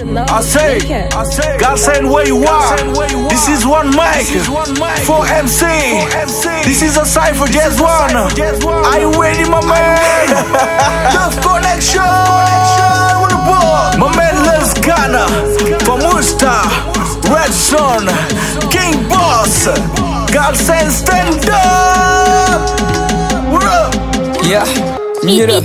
I say, I say, God send where you are. This is one mic for MC. This is a cipher, just one. Are you ready, my man? Just connection with the ball. My man, let's Ghana for Musta, Red Zone, King Boss. God send stand up. mira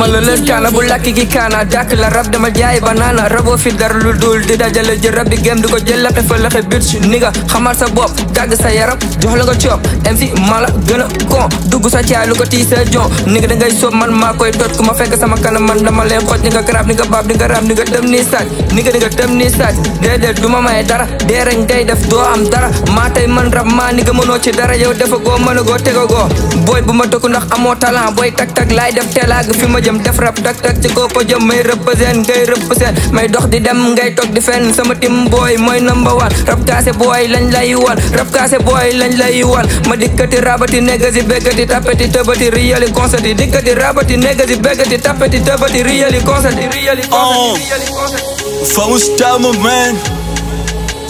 Malala stana bulaki ki kana dakla rab dama jaay banana rabo fi dar lu dul di dajal ji rabbi gem du ko jël te fa laxe bitch niga xamal sa bop dag sa yaram jox la nga ciop MC mala gëna kon dugg sa ciay lu ko ti sa jon niga da ngay so man ma koy tot kuma fekk sama kanam man dama lay xoj niga grab niga bab niga rab niga dem ni sa niga niga dem ni sa dede du duma may dara de rek ngay def do am dara ma tay man rab ma niga mëno ci dara yow defa go mëna go tego go boy bu ma tokku ndax amo talent boy tak tak tak laay def teelaag fi ma jëm def rap tak tak ci koo ko jëm may represent ngay represent may dox di dem ngay toog di fenn sama tim boy, mooy number one rap kaase booy lañ lay wan rap kaase booy lañ lay wan ma dikkati rabati négasi béggati tapeti tëbati riyali concerti dikkati rabati négasi béggati tapeti tëbati riyali concerti riyali concerti oh. riyali concerti Famous Diamond man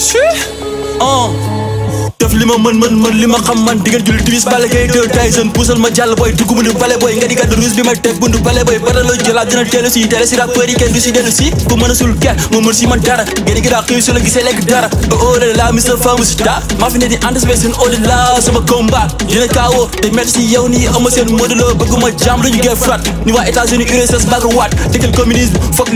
Shit Oh def li ma mën mën li ma xam man diggante julli timis bale kay deux ma jàll booy dugg mu ni bale nga di gàddu bi may teg bundu bale booy bara la jëlaat dina teelu si teelu si rappeur du si dellu ku mën a sul mën si man dara génn gi daa xëy su la dara ba óore la Mr Famous star maa fi ne di anticipé seen óore oh la sama combat dina kaawoo te metti si yow nii ama seen moduloo bëgguma jàmm lu frat ni waa États-Unis URSS baaga waat dëkkal communisme foog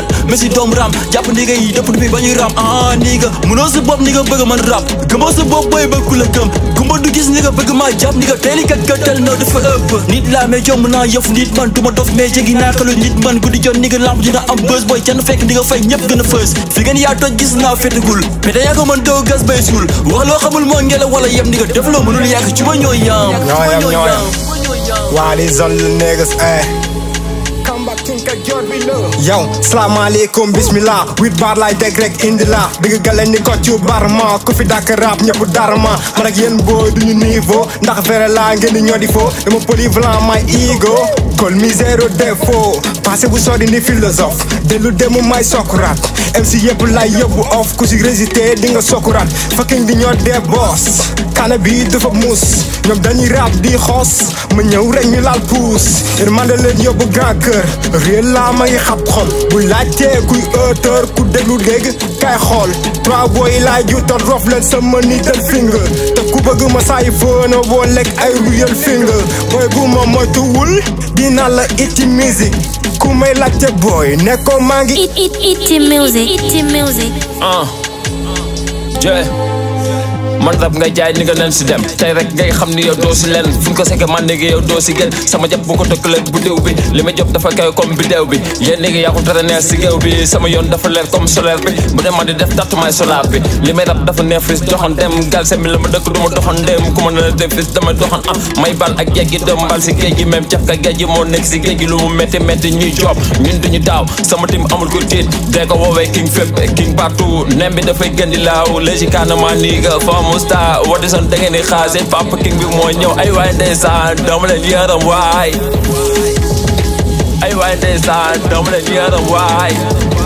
man Messi doom ram jàpp ndiga yi dëpp bi ba ñuy ram ah ndiga mënoo sa bopp ndiga bëgg man rap gëmoo sa bopp booy bëgg ku gumba du gis ndiga bëgg maa jàpp ndiga teeli kat gàttal na dafa ëpp nit laa mais jom naa yëf nit man duma dof mais jegi naa xelu nit man guddi jot ndiga lamb dina am bës booy can fekk ndiga fay ñëpp gën a fës fi ngeen yaa toj gis naa fétagul mais dañaa ko mën doo gas bay suul wax loo xamul moo ngelaw wala yem ndiga yow salaamaaleykum bismillah huit bar laay deg rek indi la dëgg gale ni ko ci barma ku fi dàkk rap ñëpp darma man ak yéen booy duñu niveau ndax fere laa ngeen di ñoo di fo dama polyvalent may ego col mi zéro défaut bu sori ni philosophe dellu demu may Socrate MC yëpp laay yóbbu off ku si résister di nga Socrate fucking di ñoo dee boss kana bi dafa muus ñoom dañuy rap di xoos ma ñëw rek ñu laal puus yéen manda leen grand cœur réel laa may xab xol bu laajtee kuy auteur ku déglu dégg kay xool trois boy laay ju te rof leen sama nital finger te ku bëgg ma saay fëna woo lekk ay real finger booy bu ma moytuwul dina la itti music ku may laajte booy ne ko maa ngi itti music itti music ah yeah man rab nga jaay ni nga leen si dem tey rek ngay xam ni yow doo si leen fu ñu ko seke man nigi yow doo si gën sama jàpp bu ko tëkkaleen bu déw bi li ma jop dafa kawe comme bidéew bi yéen bu ne bi li may rab dafa la ma may bal ak géej gi dem si géej gi même cap ka géej gi moo nekk si géej gi lu mu métti métti ñuy joob ñun duñu daaw sama tim amul ko tiit dee ko woowee king fépp king partout nem bi dafay gën di laaw léegi kaanamaa nii nga musta wat is aan dingen in ga zit papa king bi mooy ñëw ay waay ndeysaan dama leen yaram waay ay waay ndeysaan dama leen yaram why.